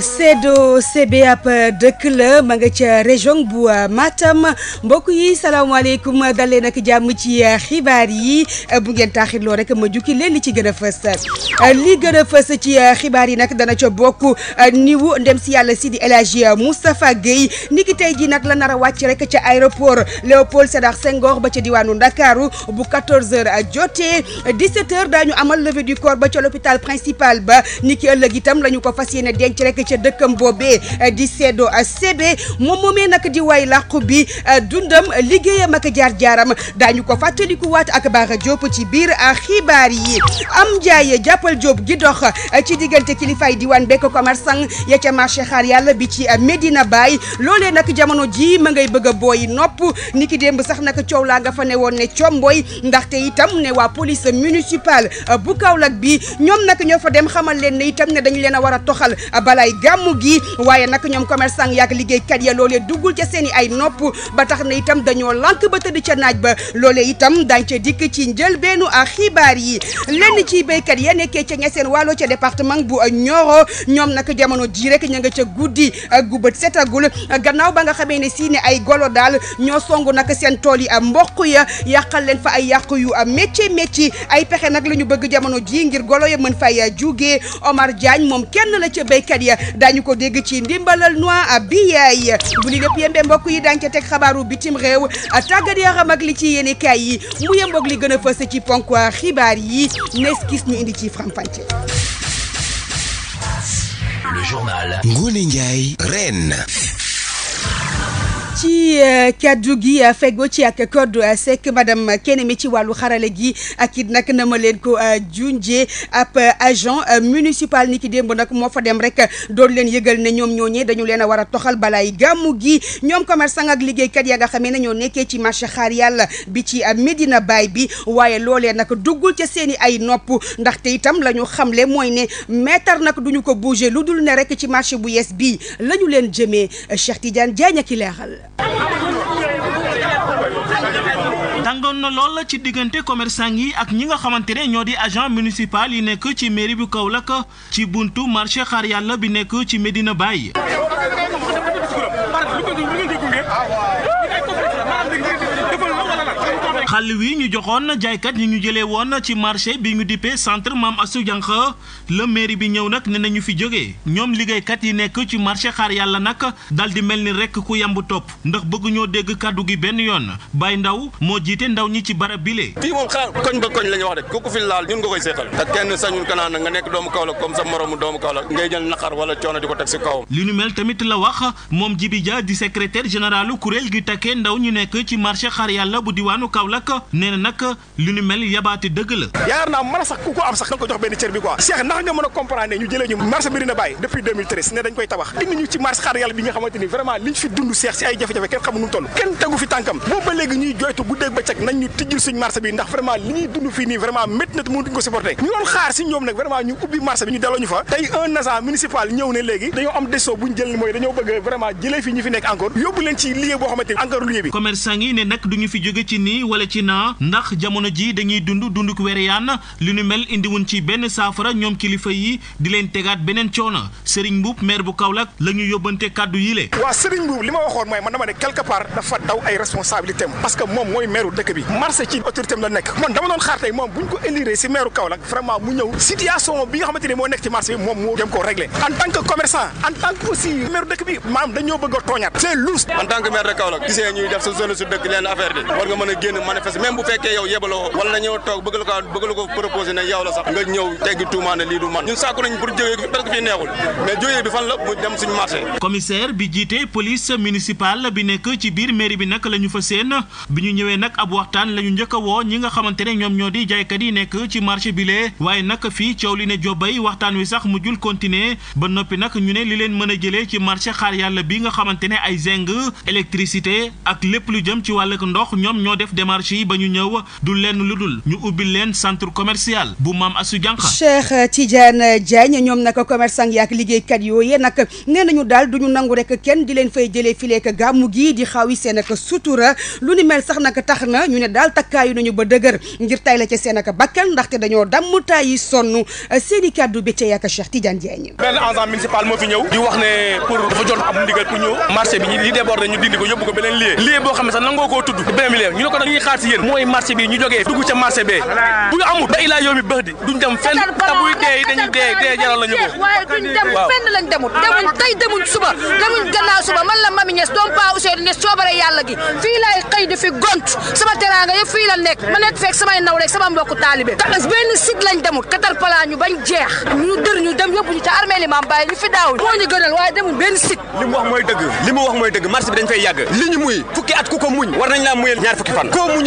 sedo Sebe ab euh, dëkk la ma nga ca région bu euh, Matam mbokk yi salaamaaleykum dalee nag jàmm ci euh, xibaar yi bu ngeen taaxirloo rek ma jukki leen li ci gën a fës li gën a fës ci xibaar yi nag dana ca bokk niwu ndem si yàlla si di El Hadji Moustapha Guèye niki tey ji nag la nar wàcc rek ca aéroport Léopold Sédar Senghor ba ca diwaanu Ndakaaru bu 14h jotee 17h daañu amal levée du corps ba ca l'hôpital principal ba niki ëllëg itam la ñu ko fas yéene denc rek. ca dëkkam boobe eh, di Seedo eh, Sebe moom moomee nag di way làqu bi eh, dundam liggéeyam ak jaar-jaaram daañu ko fàttaliku waat ak Bara Diop ci biir xibaar yi am njaay jàppal Diop gi dox ci diggante kilifaay diwaan bekk commerçant ya ca marché xaar yàlla bi ci Medina Baye loolee nag jamono jii ma ngay bëgg a booy nopp ni ki démb sax nak coow laa nga fa ne woon ne comboy ndaxte itam ne waa police municipale bu kaw Kaolack bi ñoom nag ñoo fa dem xamal leen ne itam dañu leen a war a toxal balay gàmmu gi waaye nag ñoom commerçant yaak liggéeykat ya loolee duggul ca seen i ay nopp ba tax na itam dañoo lànk ba tëdd ca naaj ba loole itam dañ ca dikk ci njëlbeenu ak xibaar yi lenn ci béykat ya nekkee ca ñeseen wàllo ca département bu Nioro ñoom nag jamono ji rek ña nga ca guddi gu bët setagul gannaaw ba nga xamee ne si ay golo daal ñoo songu nak seen tool yi am mboq ya yàqal leen fa ay yàq yu am métti métti ay pexe nag la ñu bëgg jamono ji ngir golo ya mën fay jugee Omar Diagne moom kenn la ca béykat ya daañu ko dégg ci ndimbalal noix bi yaay bu li lépp yembe mbokk yi daañu ca teg xabaaru bitim réew tàggat a ak li ci yéene kaay yi mu yemboog li gën a fës ci ponk xibaar yi nes gis ñu indi ci faram-fàcce Le journal Ngoné Ndiaye Reine ci eh, kaddu gi eh, fego ci ak code eh, sec madame kenn mi ci wàllu xarale gi ak it nag na ma leen ko junjee ab agent municipal ni ki démb nag moo fa dem rek doon leen yëgal ne ñoom ñooñee dañu leen a war a toxal ay gàmmu gi ñoom commerçant ak liggéeykat ya nga xamee ne ñoo nekkee ci marché xaar yàlla bi ci médina baay bi waaye loolee nag duggul ca seen i ay nopp ndaxte itam la ñu xamle mooy ne mètre nag duñu ko bouger lu dul ne rek ci marché bu yees bii la ñu leen jëmee Cheikh Tidiane Diagne ki leexal tàngoon na lool ci diggante commerçant yi ak ñi nga xamante ne ñoo di agent municipal yi nekk ci mairie bu Kaolack ci buntu marché xaar yàlla bi nekk ci Medina bàyyi xàll wi ñu joxoon jaaykat yi ñu jëlee woon ci marché bi ñu dippee centre Mame Astou Diankha la mairie bi ñëw nag ne nañu fi jógee ñoom liggéeykat yi nekk ci marché xaar yàlla nag dal di mel ni rek ku yamb topp ndax bëgg ñoo dégg kàddu gi benn yoon Baye Ndaw moo jiite ndaw ñi ci barab bile. fii moom xaar koñ ba koñ la ñu wax de ku ko fi laal ñun nga koy seetal te kenn sañul kanaan nga nekk doomu Kaolack comme sa moromu doomu Kaolack ngay jël naqar wala coono di ko teg si kawam. li nu mel tamit la wax moom Jibi ja di secrétaire général kuréel gi takkee ñu nekk ci marché xaar yàlla bu diwaanu Kaolack nag nee na nag li bi ndax nga mën a ñu fi dund Cheikh si ay jafe-jafe kenn xamu nu kenn tegu fi tànkam boobu léegi ñuy joytu bu ba ceg nañ ñu tijjil suñ marché bi ndax vraiment li ñuy dund fii nii vraiment métti na mënuñ ko supporter ñu doon xaar si ñoom nag vraiment ñu ubbi marché bi ñu delloo fa tey un agent municipal ñëw ne léegi dañoo am décision bu jël mooy dañoo bëgg vraiment jëlee fi ñu fi nekk encore yóbbu leen ci na ndax jamono ji dañuy dund dund wereyaan li nu mel indiwun ci benn saafara ñoom kilifa yi di leen tegaat beneen coono Serigne Mboup maire bu Kaolack la yóbbante kàddu yi le waaw Serigne Mboup li ma waxoon mooy man dama ne quelque part dafa daw ay responsabilité parce que moom mooy maire dëkk bi marché ci autorité la nekk man dama doon xaar tey moom bu ñu ko élire si maire Kaolack vraiment mu ñëw situation bi nga xamante moo nekk ci marché manifester même bu fekkee yow yebaloo wala ñëw toog bëgg la ko bëgg la ko proposé ne yow la sax nga ñëw teggi tuuma ne lii du man ñun sàkku nañ pour jógee parce que neexul mais jógee bi fan la mu dem suñu marché commissaire bi jiite police municipale bi nekk ci biir mairie bi nag la ñu fa seen bi ñu ñëwee nag ab waxtaan la ñu njëkk a woo ñi nga xamante ne ñoom ñoo di jaaykat yi nekk ci marché bi lee waaye nag fii coow li ne jobay waxtaan wi sax mu jul continuer ba noppi nag ñu ne li leen mën a jëlee ci marché xaar yàlla bi nga xamante ne ay zinc électricité ak lépp lu jëm ci wàllug ndox ñoom ñoo def démarche marché yi ba ñu ñëw du lenn lu dul ñu ubbi leen centre commercial bu maam Assou Diankha. Cheikh Tidiane Diagne ñoom nag commerçant yaak liggéeykat yooyee nag nee nañu daal du ñu nangu rek kenn di leen fay jëlee fileek gàmmu gi di xaawi seen ak sutura lu ni mel sax nag tax na ñu ne daal takkaayu nañu ba dëgër ngir tay la ca seen ak bakkan ndaxte dañoo damm taay yi sonn seen i kàddu bi ca Cheikh Tidiane Diagne. benn agent municipal moo fi ñëw di wax ne pour si mooy marché bi ñu jógee dugg ca marché bee bu ñu ba ilaa yoomi bëx di duñ dem fenn te buy dee dañuy dem fenn ma nekk fekk samay naw rek sama mbokku taalibe tax benn site lañ demul katar pala ñu bañ jeex ñu dër ñu dem yóbbu ñu ca armée li maam bàyyi ñu fi daawuñ moo ñu waaye demul benn site li wax mooy dëgg li wax mooy dëgg marché bi dañ fay yàgg li muy fukki at ku ko muñ war nañ laa muyal ñaar fukki fan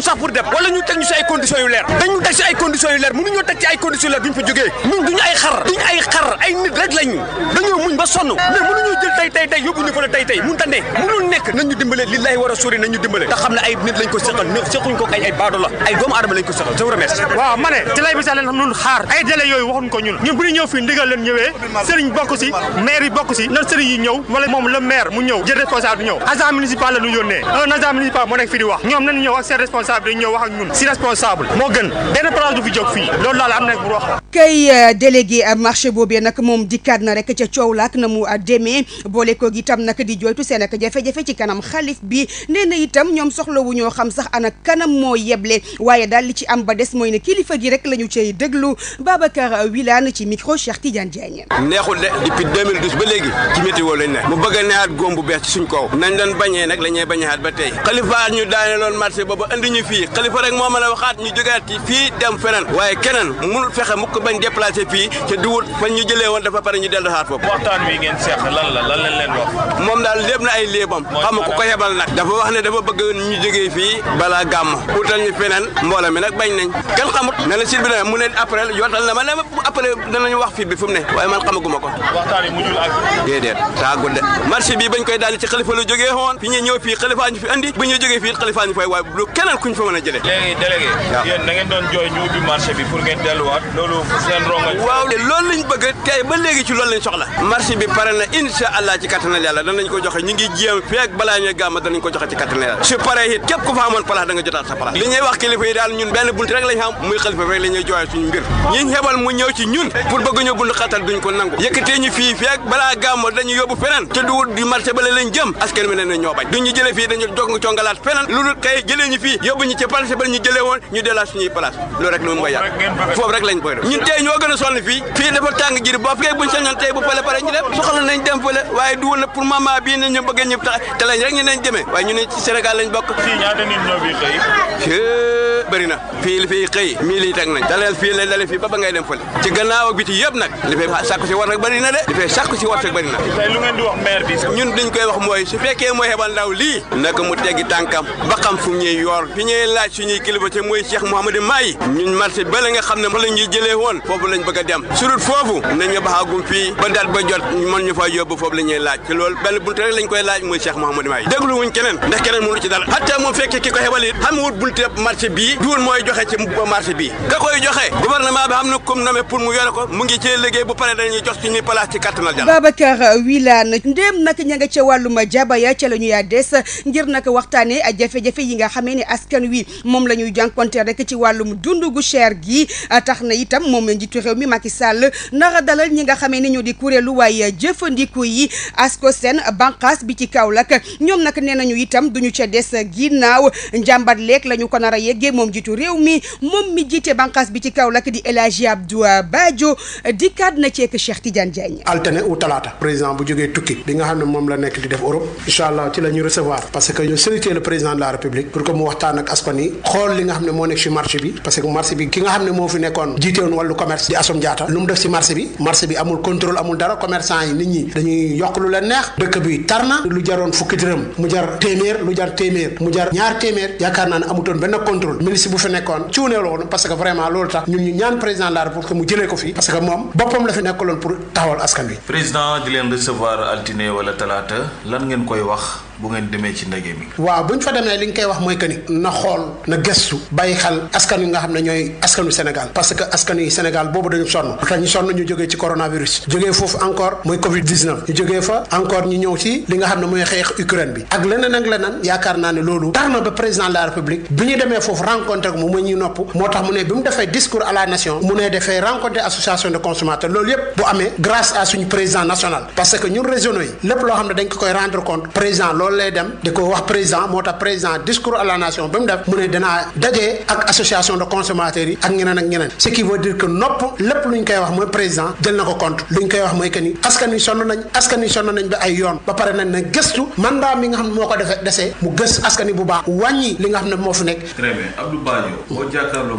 mënuñu ñu teg ñu si ay conditions yu leer dañu teg si ay conditions yu leer mënuñoo teg ci ay conditions yu leer duñ fa jógee ñun duñu ay xar duñu ay xar ay nit rek lañu dañoo muñ ba sonn mais mënuñu jël tey tey yóbbu ñu fa ne tey tey mënta ne mënul nekk nañu dimbale lillahi wa rasuli nañu dimbale te xam ne ay nit lañ ko séqal séquñ ko ay ay baado ay doomu aadama lañ ko séqal je vous waaw ma ne ci lay bi sax leen xam nun xaar ay délai responsable dañu ñëw wax ak ñun si responsable moo gën benn place na bu wax. kay euh, délégué euh, marché na rek ak na mu euh, demee boole ko itam nag di jooytu seen ak jafe-jafe ci kanam xalif bi nee na itam ñoom soxlawu ñoo xam sax ana kanam moo yeble waaye daal li ci am ba des mooy ne kilifa gi rek la ñu déglu Babacar Wilane ci micro Cheikh de depuis ba léegi ci météo lañ ne. mu bëgg a neexaat góom bu bees ci suñ kaw. nañ doon bañee nag la ñuy bañaat ba tey. xalifa ñu daaneeloon marché boobu andi ñu fii xalifa rek moo mën a waxaat ñu jógaat ci fii dem feneen waaye keneen mënul fexe mu ko bañ déplacé fii te duwut fan ñu jëlee woon dafa pare ñu dellu xaat foofu waxtaan wi ngeen seq lan la lan lañ leen wax moom daal lépp na ay léebam xam ko ko yebal dafa wax ne dafa bëgg ñu jógee fii balaa gàmm utal ñu feneen mbooloo mi nag bañ nañ kenn xamut ne la ne mu ne après yootal na ma ne après danañu wax fii bi fu ne waaye man xamaguma ko waxtaan yi mujjul ak déedéet tàggu de marché bi ak kuñ fa mën a jëlee. léegi délégué. waaw yéen doon jooy ñu ubbi marché bi pour ngeen delluwaat loolu seen rongañ. waaw loolu lañ bëgg tey ba léegi ci loolu lañ soxla. marché bi pare na incha allah ci kattanal yàlla danañ ko joxe ñu ngi jéem feeg balaa ñuy gàmm danañ ko joxe ci kattanal yàlla. su paree it képp ku fa amoon place da jotaat sa place. li ñuy wax kilifa yi daal ñun benn bunt rek lañ xam mu ñëw ci ñun pour ñu bund xatal ñu fii ñu yóbbu ñu ci place ba ñu jëlee woon ñu a sonn fii waaye ñu bëggee Sénégal lañ bokk bëri na fii li fiy xëy mii liy teg nañ daleel fii fii ba ba ngay dem fële ci gannaaw ak biti yëpp nag li fay sàkku si war nag de li fay sàkku si war nag bëri na lu ngeen wax mooy su fekkee mooy xebal ndaw lii naka mu teggi tànkam ba xam fu ñuy yoor fi ñuy laaj suñuy kilifa te mooy Cheikh Mouhamadou Maye ñun marché ba la nga xam ne fa lañ ñuy jëlee woon foofu lañ bëgg a dem surut foofu nañ nga baxaagum fii ba daat ba jot mën ñu fa yóbbu foofu la ñuy laaj ci loolu benn bunte rek lañ koy laaj mooy Cheikh Mouhamadou Maye déglu wuñ keneen ndax keneen mënu ci dara hatta moom fekkee ki ko xebal it xam wut bunte marché bii duul mooy joxe ci marché bii ka koy joxe gouvernement bi xam na comme nommé pour mu yore ko mu ngi ci liggéey bu pare dañuy jox suñuy place ci kattanal jàll Babacar Wilane ndéem nag ña nga ca wàlluma jaba ya ca la ñuy des ngir nag waxtaane jafe-jafe yi nga xamee ne askan wi moom la ñuy jànkonte rek ci wàllum dund gu cher gi tax na itam moom njiitu réew mi Macky Sall nara dalal ñi nga xamee ni ñoo di kuréelu waaye jëfandiku yi Ascosen bànqaas bi ci Kaolack ñoom nag nee ñu itam duñu ca des ginnaaw njàmbat leeg la ñu ko nar a yeggee moom jiitu réew mi moom mi jiite bànqaas bi ci Kaolack di El Hadji Abdou Badio dikkaat na ceek Cheikh Tidiane Diagne. altine ou talaata président bu jógee tukki bi ng xam moom la nekk di def Europe incha ak askan yi xool li nga xam ne moo nekk ci marché bi parce que marché bi ki nga xam ne moo fi nekkoon jiitewoon wàllu commerce di Assome Diatta lu mu def ci marché yi nit ñi dañuy yokk lu leen neex dëkk bi tar na lu jaroon fukki dërëm mu jar téeméer lu jar téeméer mu jar ñaar téeméer yaakaar naa ne amutoon benn contrôle ministre bu fi nekkoon ciwneelu woon parce que vraiment loolu tax ñun ñu ñaan président de la République que mu jëlee ko fi parce que moom boppam la fi nekkaloon pour taxawal koy wax bu ngeen demee ci ndaje mi. waaw bu ñu fa demee li ñu koy wax mooy que na xool na gëstu bàyyi xel askan nga xam ne ñooy askanu Sénégal parce que askan wi Sénégal boobu dañu sonn lu tax ñu sonn ñu jógee ci coronavirus jógee foofu encore mooy Covid 19 ñu jógee fa encore ñu ñëw ci li nga xam ne mooy xeex Ukraine bi ak leneen ak leneen yaakaar naa ne loolu ba président de la république bi ñu demee foofu rencontré ko mu ma nopp moo tax mu ne bi mu defee discours loolu lay dem di ko wax président moo tax président discours à la ba mu def mu ne danaa daje ak association de consommateurs yi ak ñeneen ak ñeneen ce qui veut dire que nopp lépp lu ñu koy wax mooy président jël na ko compte lu ñu koy wax mooy que ni askan wi sonn nañ askan wi sonn nañ ba ay yoon ba pare nañ na gëstu mandat mi nga xam ne moo ko defee desee mu gës askan wi bu baax wàññi li nga xam ne moo fi nekk. très bien Abdou Badio. boo jàkkaarloo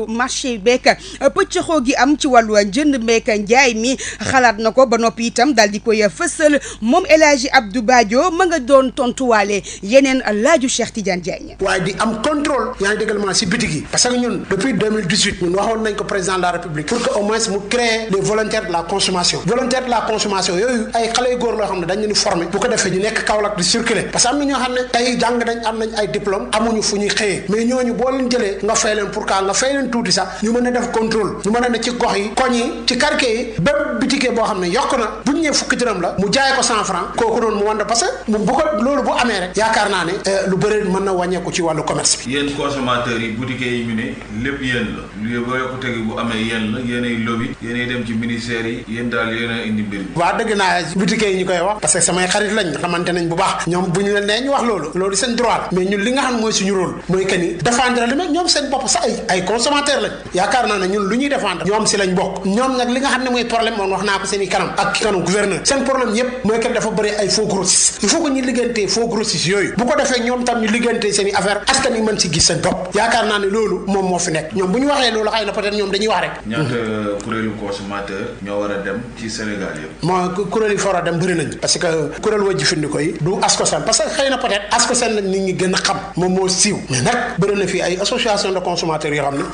wàllu marché beeg pëccëxoo gi am ci wàllu njënd meeg njaay mi xalaat na ko ba noppi itam daal di koy fësal moom El Hadji Abdou Badio nga doon tontuwaale yeneen laaju Cheikh Tidiane Diagne. waaye di am contrôle. yaa ngi déggalement si bitig yi. parce que ñun depuis de la république. de la consommation. volontaires de la consommation yooyu ay xale yu góor loo xam ne dañ leen former. bu ko defee ñu nekk Kaolack di circuler. parce que am na ñoo xam ne tey jàng nañ am gënoon tuuti sax ñu mën a def contrôle ñu mën a ne ci mu jaay ko cent franc kooku noonu mu wanda parce mu bu loolu bu amee rek yaakaar naa ne euh, lu bëri mën na wàññeeku ci wàllu commerce bi. yéen consommateurs yi boutiquiers yi ñu ne lépp yéen la lu ba yokkute gi bu amee yéen la yéenay lobby yéenay dem ci ministère yi yéen daal yéenay indi mbir mi. dëgg naa boutiquiers yi ñu koy wax parce samay xarit lañ xamante nañ bu baax ñoom bu ñu leen nee ñu wax consommateur lañ yaakaar naa ne ñun lu ñuy défendre ñoom si lañ bokk ñoom nag li nga xam ne mooy problème moom wax naa ko seen i kanam ak kanam gouverneur seen problème yépp mooy kat dafa bëri ay faux grossistes yooyu bu ko defee ñoom tam ñu liggantee seen i affaire askan yi mën si gis seen bopp yaakaar naa ne loolu moom moo fi nekk ñoom bu ñu waxee loolu xëy na peut ñoom dañuy wax rek ñaata euh, kuréelu consommateur ñoo war a dem ci Sénégal yëpp moo kuréel yi fa dem bëri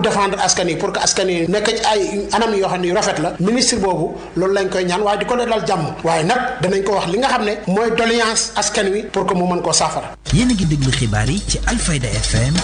défendre askan yi pour que askan yi nekk ci ay anam yoo yu rafet la ministre boobu loolu lañ koy ñaan waaye di ko dalal jàmm waaye nag danañ ko wax li nga xam ne mooy doléance askan wi pour que mu mën koo saafara. yéen a ngi déglu xibaar yi ci Alfayda FM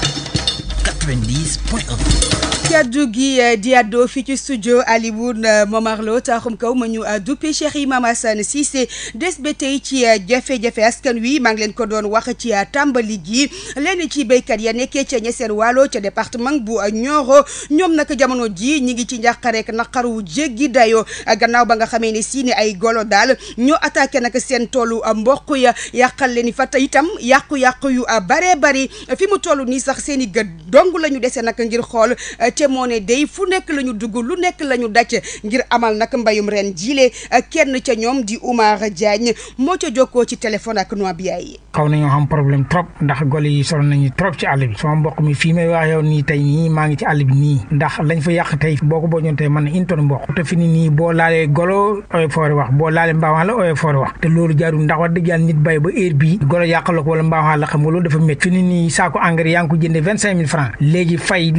90 kaddu gi eh, di àddoo fii ci studio Alioune eh, Momar Lo taaxum kaw ma ñu eh, duppe Cheikh Imam Assane Cissé des ba tey ci jafe-jafe askan wi maa ngi leen ko doon wax ci tàmbali gi leen ci béykat ya nekkee ca Niassène Walo ca département bu Nioro ñoom nag jamono ji ñi ngi ci njàqareek naqar wu jéggi dayoo gannaaw ba nga xamee ne si ay golo daal ñoo attaqué nag seen toolu mboq ya yàqal leen fa tey itam yàqu-yàqu yu bare bari fi mu toll nii sax seen i gët dong la ñu dese nag ngir xool te moo ne day fu nekk la dugg lu nekk la ñu daj ngir amal nag mbayum ren jiile kenn ca ñoom di Oumar Diagne moo ca jokkoo ci téléphone ak noa bi ay xaw nañoo xam problème trop ndax gole yi sonn nañu trop ci àll bi sama mbokk mi fii may wax yow nii tey nii maa ngi ci àll bi nii ndax lañ fa yàq tey boo ko boñoon tey mën na une tonne mboq te fi ni nii boo laalee golo ooy foore wax boo laalee mbaawaan la ooy foore wax te loolu jaarul ndax wax dëgg yàlla nit bay ba heure bii golo yàqaloo ko wala mbaawaan la xam nga loolu dafa métti fi ni nii saako engrais ko jëndee vingt cinq mille francs léegi fay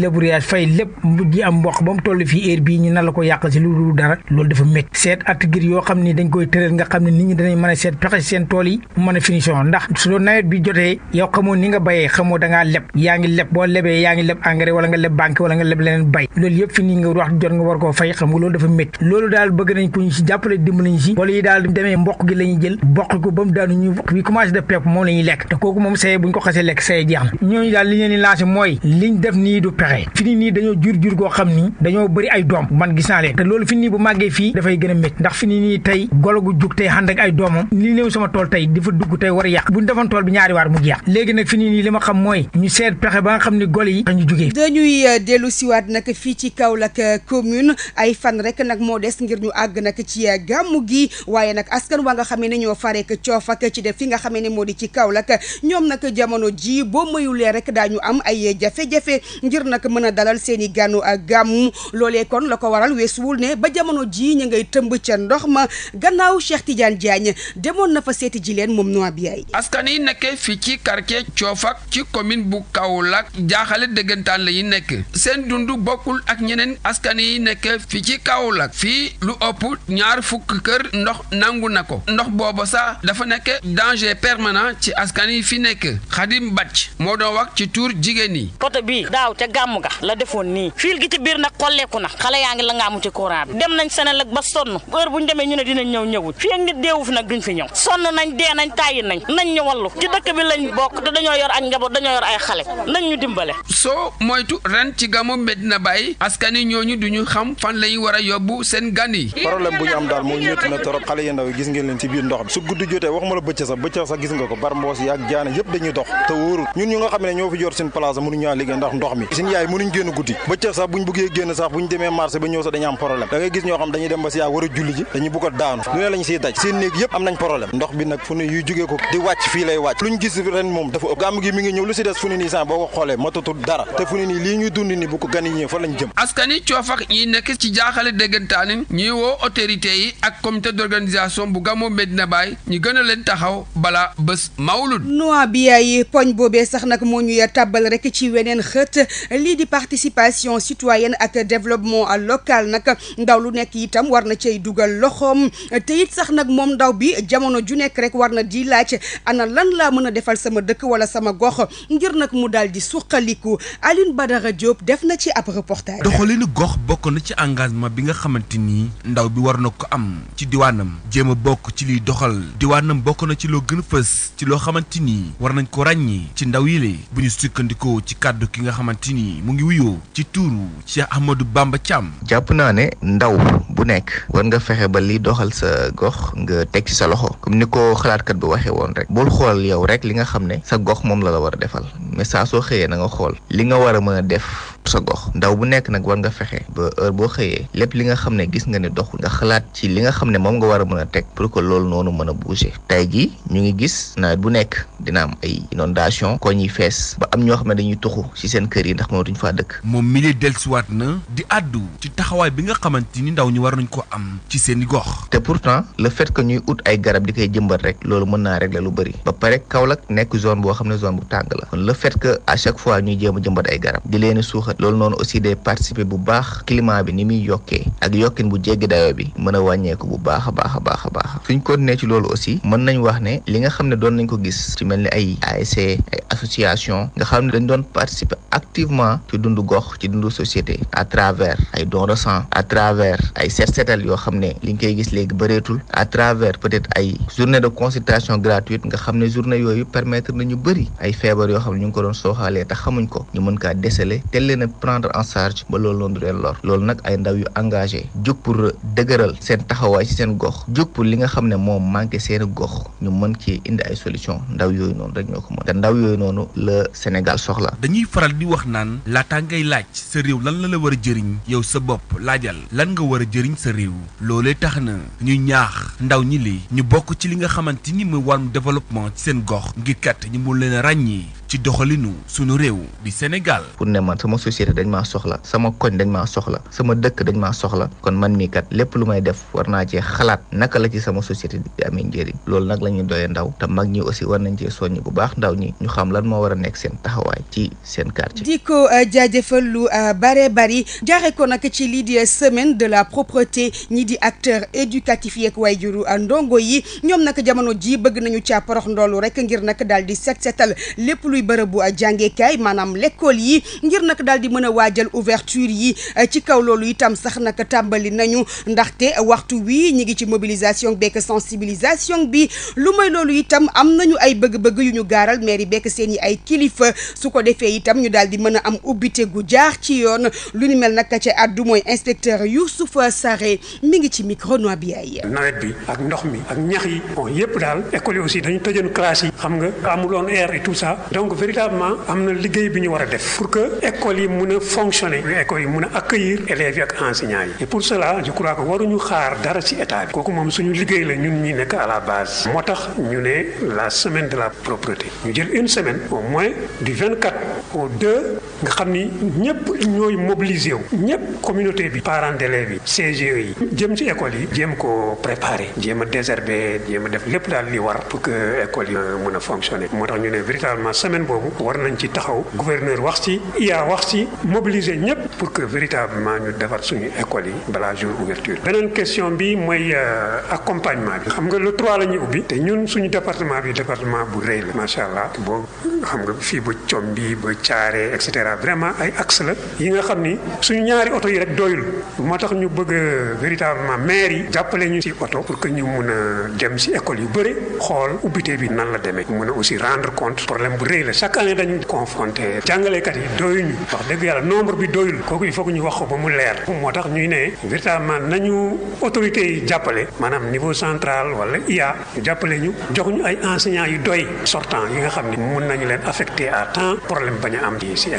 yëpp di am mboq ba mu toll fii heure bii ñu ko yàqal si lu dul dara loolu dafa métti seet at ngir yoo xam ne dañ koy tëral nga xam ne nit a seet pexe seen tool yi mën a ndax su doon nawet bi loolu daal bëgg nañ ko ñu si jàppale dimbali ñu si wala yi daal demee mboq gi la jël mboq ko ba daanu ñu bi commencé def pepp moom la lekk te kooku moom saye buñ ko xasee lekk saye jeex na ñooñu daal li ñu leen di lancé mooy liñ def nii du pexe jur jur goo xam ni dañoo bëri ay doom man gis naa leen te loolu fi nii bu màggee fii dafay gën a métti ndax fi ni nii tey golo gu jug tey ànd ak ay doomam li néew dugg tey war bu ñu defoon tool bi ñaari waar mu yàq léegi nag fi nii nii li ma xam mooy ñu seet pexe ba nga xam ni gol yi dañu jugee dañuy euh, dellu siwaat nag fii ci kaw Kaolack euh, commune ay fan rek nag moo des ngir ñu àgg nag ci euh, gàmmu gi waaye nag askan waa nga xamee ne ñoo farek coof ak ci def fi nga xamee ne moo di ci Kaolack ñoom nag jamono ji boo mayulee rek daañu am ay jafe-jafe ngir mën a dalal seeni seeni ganu ak gàmmu loolee kon la ko waral weesuwul ne ba jamono jii ñu ngay tëmb ca ndox ma gannaaw Cheikh Tidiane Diagne demoon na fa seeti ji leen moom noo bi ay askan yi nekkee fii ci quartier Coofak ci commune bu Kaolack jaaxale dëggantaan la yi nekk seen dund bokkul ak ñeneen askan yi nekkee fii ci Kaolack fii lu ëpp ñaar fukk kër ndox nangu na ko ndox booba sax dafa nekk danger permanent ci askan yi fi nekk Xadim Bàcc moo doon wax ci tuur jigéen yi côté daaw ca gàmm ga la defoon fiil gi ci biir nag xolleeku na xale yaa ngi la ngaamu ci courant bi dem nañ Senelec ba sonn heure bu ñu demee ñu ne dinañ ñëw ñëwut fii ak nit deewu fi nag duñ fi ñëw sonn nañ dee nañ tàyyi nañ nañ ñu wallu ci dëkk bi lañ bokk te dañoo yor ay xale nañ ñu dimbale soo moytu ren ci gàmmu Medina Baye askani ñooñu duñu xam fan lañu war a seen gan yi problème bu ñu am daal moo métti na xale yi gis ngeen leen ci biir ndox mi su guddi jotee waxuma la bëccëg bëccëg sax buñ bëggee génn sax buñ demee marché ba ñëw sax dañu am problème da ngay gis ñoo xam dañuy dem ba si yaa war a julli ji dañu bëgg a daanu lu ne lañ siy daj seen néeg yëpp am nañ problème ndox bi nag fu ne yuy jógee ko di wàcc fii lay wàcc luñ gis ren moom dafa ëpp gàmm gi mi ngi ñëw lu si des fu ne nii sax boo ko xoolee matatu dara te fu ne nii lii ñuy dund ni bu ko gan yi ñëw fa lañ jëm askani coofax nekk ci jaaxale déggantaani a leen taxaw coopération citoyenne ak développement local nag ndaw lu nekk itam war na cay dugal loxoom te sax nag moom ndaw bi jamono ju nekk rek war na di laaj ana lan laa mën a defal sama dëkk wala sama gox ngir nag mu daal di suqaliku Aline Badara Diop def na ci ab reportage. doxalinu gox bokk na ci engagement bi nga xamante nii ndaw bi war na ko am ci diwaanam jéem a bokk ci liy doxal diwaanam bokk na ci loo gën a fës ci loo xamante ni war nañ ko ràññi ci ndaw yi le bu ñu ci kàddu ki nga xamante ni mu ngi wuyoo tuuru Cheikh Ahmadou Bamba Thiam. jàpp naa ne ndaw bu nekk war nga fexe ba li doxal sa gox nga teg ci sa loxo comme ni ko xalaatkat bi waxee woon rek bul xool yow rek li nga xam ne sa gox moom la la war a defal mais saa soo xëyee na nga xool li nga war a mën a def. sa gox ndaw bu nekk nag war nga fexe ba heure boo xëyee lépp li nga xam ne gis nga ne doxul nga xalaat ci li nga xam ne moom nga war a mën a teg pour ko loolu noonu mën a bouger tey jii ñu ngi gis nawet bu nekk dina am ay inondation koñ yi fees ba am ñoo xam ne dañuy tuxu ci seen kër yi ndax mënatuñ faa dëkk mi lay dellusiwaat bi nga xamante ni ndaw ñi war nañ ko am ci seen i gox. te pourtant le fait que ñuy ut ay garab di koy jëmbat rek loolu mën naa régler lu bëri ba pare Kaolack nekk zone boo xam ne zone bu tàng la kon fait que à chaque fois ñuy jéem a jëmbat ay garab di leen suuxat loolu noonu aussi day participer bu baax climat bi ni muy yokkee ak yokkin bu jéggi dayoo bi mën a wàññeeku bu baax a baax a baax a baax suñ ko nee ci loolu aussi mën nañu wax ne li nga xam ne doon nañ ko gis ci mel ni ay ASC ay association nga xam ne dañ doon participer activement ci dundu gox ci dundu société à travers ay don de à travers ay set setal yoo xam ne li nga koy gis léegi bëreetul à travers peut-être ay journée de consultation gratuite nga xam ne journée yooyu permettre nañu bari ay feebar yoo xam ne ñu ngi ko doon sooxaalee te xamuñ ko ñu mën kaa déceler te leen a prendre en charge ba loolu noonu du leen lor loolu nag ay ndaw yu engagé jug pour dëgëral seen taxawaay ci seen gox jug pour li nga xam ne moom manqué seen gox ñu mën ci indi ay solution ndaw yooyu noonu rek ko mën te ndaw yooyu noonu la Sénégal soxla sa réew lan la la war a jëriñ yow sa bopp laajal lan nga war a jëriñ sa réew loolee tax na ñuy ñaax ndaw ñi li ñu bokk ci li nga xamante ni mu wàllum développement ci seen gox ngir kat ñu mun leen a ràññee ci doxalinu sunu réew di Sénégal. pour ne man sama société dañ maa soxla sama koñ dañ maa soxla sama dëkk dañ maa soxla kon man mii kat lépp lu may def war naa cee xalaat naka la ci sama société di amee njëriñ loolu nag la ñuy doyee ndaw te mag ñi aussi war nañ cee soññ bu baax ndaw ñi ñu xam lan moo war a nekk seen taxawaay ci seen quartier. di ko euh, jaajëfal lu euh, bare bari jaaree ko nag ci lii di euh, semaine de la propreté ñi di acteur éducatif yeeg waajuru ndongo yi ñoom nag jamono ji bëgg nañu caa porox ndoolu rek ngir nag daal di set setal lépp lu luy bërëbu jàngeekaay maanaam l'école yi ngir nag daal di mën a waajal ouverture yi ci kaw loolu itam sax nag tàmbali nañu ndaxte waxtu wii ñu ngi ci mobilisation beek sensibilisation bi lu may loolu itam am nañu ay bëgg-bëgg yu ñu gaaral mais yi bekk seen yi ay kilifa su ko defee itam ñu daal di mën a am ubbite gu jaax ci yoon lu ni mel nag ca àddu mooy inspecteur Youssouf Saré mu ngi ci micro bi ay nawet ak ndox mi ak ñax yi bon yëpp daal école yi aussi dañu donc véritablement am na liggéey bi ñu war a def pour que écoles yi mun a fonctionner écoles yi mun a accueillir élèves yi ak enseignants yi et pour cela je crois que waruñu xaar dara ci état bi kooku moom suñu liggéey la ñun ñi nekk à la base moo tax ñu ne la semaine de la propreté ñu jël une semaine au moins du 24 au 2 nga xam ni ñëpp ñooy mobiliser wu ñëpp communauté bi parents d'élèves yi CGE yi jëm ci écoles yi jéem ko préparer jéem a désherber jéem a def lépp daal li war pour que écoles yi mën a fonctionner moo tax ñu ne véritablement semaine domaine boobu war nañ ci taxaw gouverneur wax ci IA wax ci mobiliser ñëpp pour que véritablement ñu defar suñu école yi balaa jour ouverture beneen question bi mooy euh, accompagnement bi xam nga le 3 la ñuy ubbi te ñun suñu département bi département bu rëy la macha allah boo xam nga fi ba Combi ba Thiaré et cetera vraiment ay axe la yi nga xam ni suñu ñaari oto yi rek doyul moo tax ñu bëgg euh, véritablement maire yi jàppale ñu ci oto pour que ñu mun a dem ci école yu bëri la chaque année dañu confronté jàngalekat yi doyuñu wax dëgg yàlla nombre bi doyul kooku il faut ñu wax ko ba mu leer moo tax ñuy ne véritablement nañu autorités yi jàppale maanaam niveau central wala IA ñu jàppale ñu jox ñu ay enseignants yu doy yi nga xam ne mun nañu leen affecté à temps problème bañ a am ci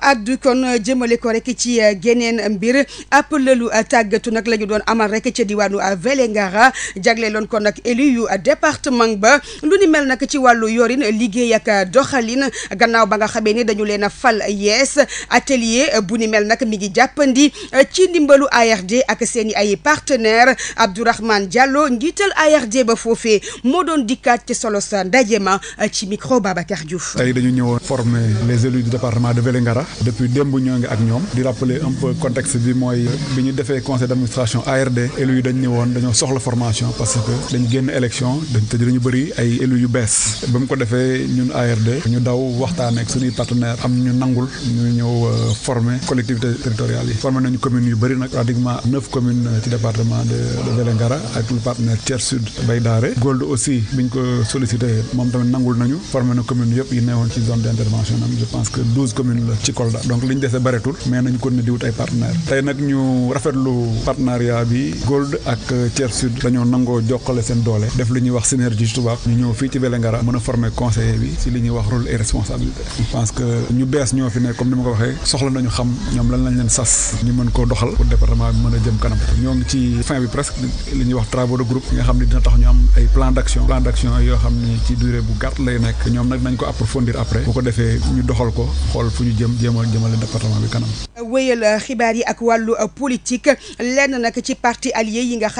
àddu kon jëmale ko rek ci euh, geneen mbir ab lëlu tàggatu nag la ñu doon amal rek ca diwaanu euh, Vélingara jagleeloon kon nag élu yu euh, département ba lu ni mel nag ci wàllu yorin liggéey ak dox. doxalin gannaaw ba nga xamee ni dañu leen a fal yees atelier bu ni mel nag mi ngi jàppandi ci ndimbalu ARD ak seen i ay partenaires Abdourahmane Diallo njiital ARD ba foofee moo doon dikkaat ci solo sa ndaje ma ci micro ba Diouf. tey dañu ñëwoon former les élus du département de Vélingara depuis démb ñoo ngi ak ñoom di rappeler un peu contexte bi mooy bi ñu defee conseil d' administration ARD élus yi dañ ne woon dañoo soxla formation parce que dañ génn élection dañu bëri ay élus yu bees ba mu paree ñu daw waxtaan ak suñuy partenaire am ñu nangul ñu ñëw euh, former collectivité territoriales yi formé nañu communes yu bari nag pratiquement neuf communes euh, ci département de Vélingara ak le partenaire Thiès Sud Bay Daare Gold aussi biñ ko sollicité moom tamit nangul nañu formé na commune yëpp yi neewoon ci zone d' intervention am je pense que douze communes la ci Kolda donc li ñu dese bëreetul mais nañu kon ne di ay partenaires tey nag ñu rafetlu partenariat bi Gold ak euh, Thiès Sud dañoo nangoo seen doole def li ñu ñëw fii ci Vélingara wax que ñu bees ñoo fi ne comme ni ma ko waxee soxla nañu xam ñoom lan lañ leen sas ñu mën koo doxal pour département bi mën a jëm kanam ñoo ci fin bi presque li ñuy wax travaux de groupe nga xam ne dina tax ñu am ay plan d'action plan d'action yoo xam ne ci durée bu gàtt lay nekk ñoom nag nañ ko approfondir après bu ko defee ñu doxal ko xool fu ñu jëm jéemal jëmale bi kanam wéyal xibaar yi ak wàllu politique lenn nag ci parti allié yi nga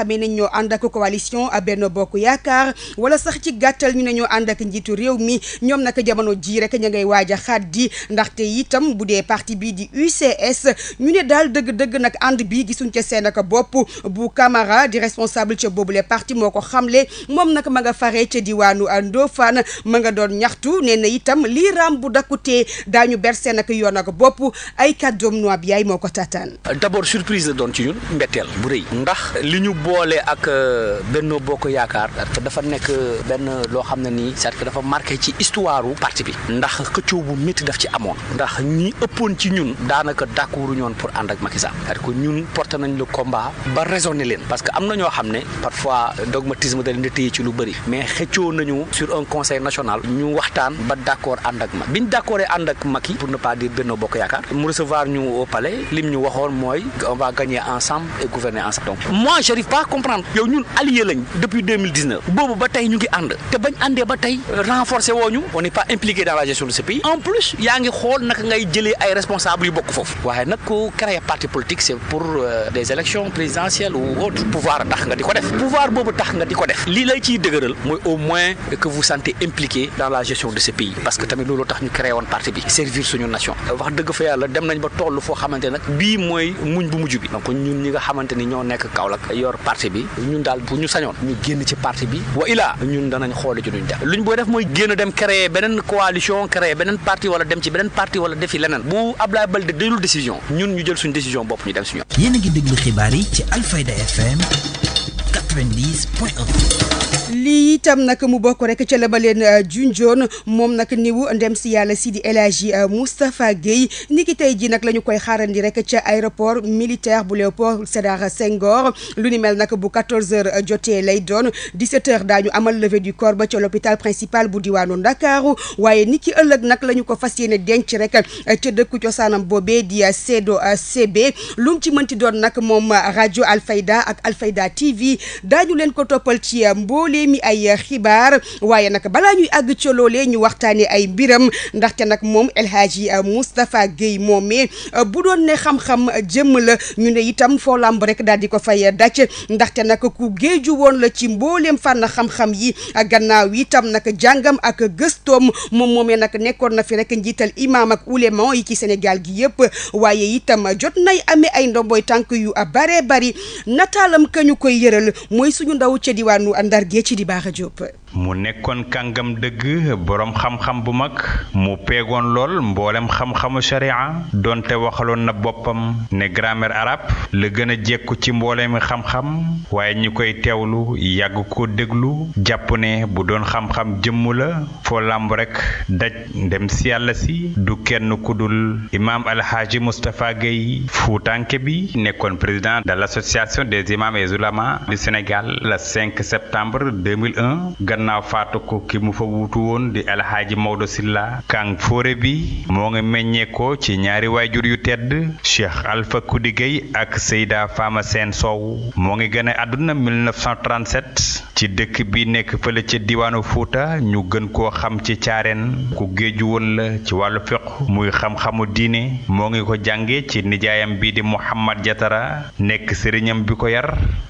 jamono ji rek ña ngay waaja a xaat ndaxte itam bu dee parti bii di UCS ñu ne daal dëgg-dëgg nag ànd bi gisuñ ca seen ak bopp bu Camara di responsable ca boobule parti moo ko xamle moom nag ma nga faree ca diwaanu Ndofane ma nga doon ñaxtu nee na itam lii raam bu dakkutee daañu ber seen ak yoon ak bopp ay kàddoom bi yaay moo ko tataan. d'abord surprise la doon ci ñun mbetteel bu rëy ndax li ñu boole ak euh, Benno Bokk Yaakaar dafa nekk euh, loo xam ne nii dafa marqué ci histoire parti bi ndax xëccoo bu métti daf ci amoon ndax ñi ëppoon ci ñun daanaka d'accord ñoon pour ànd ak Macky Sall parce que ñun porté nañ le combat ba raisonné leen parce que am na ñoo xam ne parfois dogmatisme da leen di téye ci lu bëri mais xëccoo nañu sur un conseil national ñu waxtaan ba d'accord ànd ak ma bi ñu d'accord ànd ak Macky pour ne pas dire Benno Bokk Yaakaar mu recevoir ñu au lim ñu waxoon mooy on va gagner ensemble et gouverner ensemble impliqué dans la gestion de ce pays en plus yaa ngi xool naka ngay jëlee ay responsables yu bokk foofu waaye nag ku créer parti politique c'est pour euh, des élections présidentielles ou autre pouvoir tax nga di ko def pouvoir boobu tax nga di ko def lii lay ciy dëgëral mooy au moins que vous sentez impliqué dans la gestion de ce pays parce que tamit loolu tax ñu créé woon parti bi servir suñu nation wax dëgg fa yàlla dem nañ ba toll foo xamante bii mooy muñ bu bi donc ñun ñi nga xamante ni ñoo nekk Kaolack yor parti bi ñun daal bu ñu génn ci parti bi wa ilaa ñun danañ xoole ci benn coalition créé beneen parti wala dem ci beneen parti wala defi leneen bu Abdoulaye Baldé déllu décision ñun ñu jël suñ décision bopp ñu dem suñu. yéen a ngi déglu xibaar yi ci Alfayda FM. lii itam nag mu bokk rekk ca la ba leen euh, junjoon moom nag niwu ndem si yàlla si di El Hadji euh, Moustapha Guèye ki tey ji nag lañu koy xarandi rek ca aéroport militaire bu Léopold Sédar Senghor lu ni mel nag bu 14h jotee lay doon 17h daañu amal levée du corps ba ca l'hôpital principal bu diwaanu Ndakaaru waaye ni ki ëllëg nag lañu ko fas yéene denc rek euh, ca dëkku cosaanam boobee di Seedo CB lu mu ci mënti doon nag moom rajo Alfayda ak Alfayda TV. daañu leen ko toppal ci euh, mboolee mi ay euh, xibaar waaye nag balaa ñuy àgg ci loolee ñu waxtaanee ay mbiram ndaxte nag moom El Hadji euh, Moustapha Guèye moomee bu doon ne xam-xam jëmm la ñu ne itam foo lamb rek daal di ko fay daj ndaxte nag ku géeju woon la ci mbooleem fànn xam-xam yi gannaaw itam nag jàngam ak gëstoom moom moome nak nekkoon na fi rek njiital imaam ak ulema yi ci Sénégal gi yëpp waaye itam jot nay ame ay ndomboy tànk yu bare bari nataalam ka koy yëral mooy suñu ndaw ca diwaanu Ndar gee ci di baax a jopp mu nekkoon kàngam dëgg boroom xam-xam bu mag mu peegoon lool mbooleem xam-xamu sharia doonte waxaloon na boppam ne grammaire arabe la gën a jekku ci mboolemi xam-xam waaye ñi koy teewlu yàgg ko déglu jàpp ne bu doon xam-xam jëmm la foo làmb rekk daj ndem siyàlla si du kenn ku dul imaam alxaaji Moustapha Gueye tànk bi nekkoon président de l' association des imams et ulama du Sénégal le 5 septembre 2001 naa faatu ko ki mu fa wuutu woon di El Hadji Maodo Sylla Kang Fore bi moo ngi meññeekoo ci ñaari waajur yu tedd Cheikh Alpha Koudi Gueye ak Seyda Fama Sène soow moo ngi gën a àdduna 1937 ci dëkk bi nekk fële ca diwaanu Fuuta ñu gën koo xam ci caareen ku géeju la ci wàllu fiq muy xam-xamu diine moo ngi ko jànge ci nijaayam bii di Mouhamad Jatara nekk sëriñam bi ko yar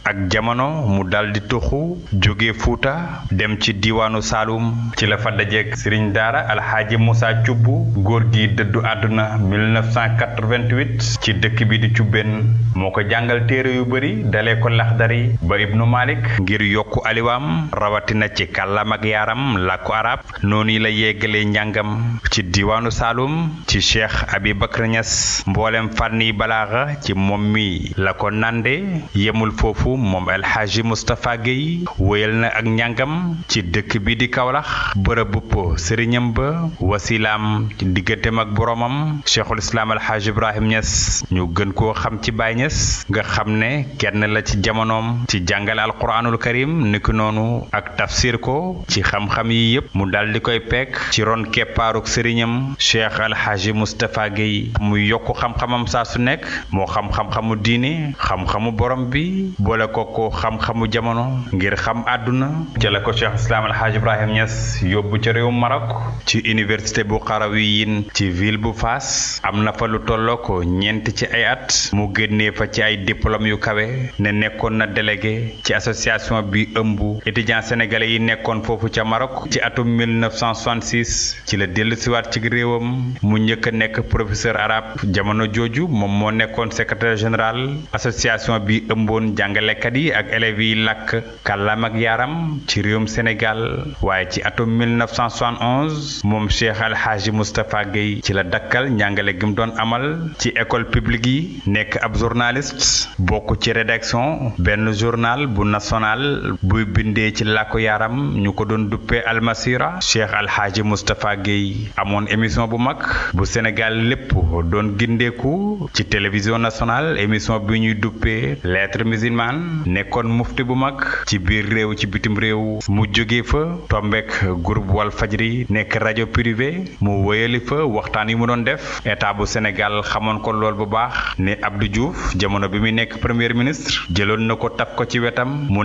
ak jamono mu daldi toxu jóge Fuuta dem ci diwaanu Saalum ci la fa dajeek sëriñ daara alxaaji Moussa Cubb góor gi dëddu àdduna 1988 ci dëkk bi di Cubbeen moo ko jàngal téere yu bari dalee ko Laxdari ba Ibnu Malik ngir yokku taaliwaam rawatina ci kàllaam ak yaaram làkku arab noonu la yeggalee njàngam ci diwaanu saalum ci cheikh Abibakar Ñas mboolem fànn yi balaaxa ci moom mi la ko nande yemul foofu moom elxaaji Moustapha Guèye wéyal na ak njàngam ci dëkk bi di Kawlax bërëb bupp sëriñam ba wasilaam ci digganteem ak boromam cheikhul islaam alxaaji Ibrahim Ñas ñu gën koo xam ci Baay Ñas nga xam ne kenn la ci jamonoom ci jàngale alquraanul karim ni ki noonu ak tafsir ko ci xam-xam yi yépp mu dal di koy pekk ci ron keppaaruk sëriñam cheikh alxaaji Moustapha Guèye muy yokk xam-xamam saa su nekk moo xam xam-xamu diine xam-xamu borom bi boole ko ko xam-xamu jamono ngir xam àdduna ca ko cheikh islaam alxaaji Ibrahim Niass yóbbu ca réew Maroc ci université bu xaraw Qarawiyyin ci ville bu fas am na fa lu tolloo ko ñeent ci ay at mu génnee fa ci ay diplôme yu kawe ne nekkoon na délégué ci association bi ëmb Sambou étudiant sénégalais yi nekkoon foofu ca Maroc ci atum 1966 ci la dellusiwaat ci réewam mu njëkk a nekk professeur arabe jamono jooju moom moo nekkoon secrétaire général association bi ëmboon jàngalekat yi ak élèves yi làkk kàllaam ak yaaram ci réewum Sénégal waaye ci atum 1971 moom Cheikh Al Hadji Moustapha Guèye ci la dakkal njàngale gim doon amal ci école publique yi nekk ab journaliste bokk ci rédaction benn journal bu national buy bindee ci làkku yaram ñu ko doon duppee almasira cheikh alxaaji Moustapha Guèye amoon émission bu mag bu Sénégal lépp doon gindeeku ci télévision nationale émission bi ñuy duppee lettre musulmane nekkoon mufti bu mag ci biir réew ci bitim réew mu jógee fa tombeek groupe wal fajri nekk rajo privé mu wéyali fa waxtaan yi mu doon def état bu Sénégal xamoon ko lool bu baax ne Abdou Diouf jamono bi muy nekk premier ministre jëloon na ko taf ko ci wetam mu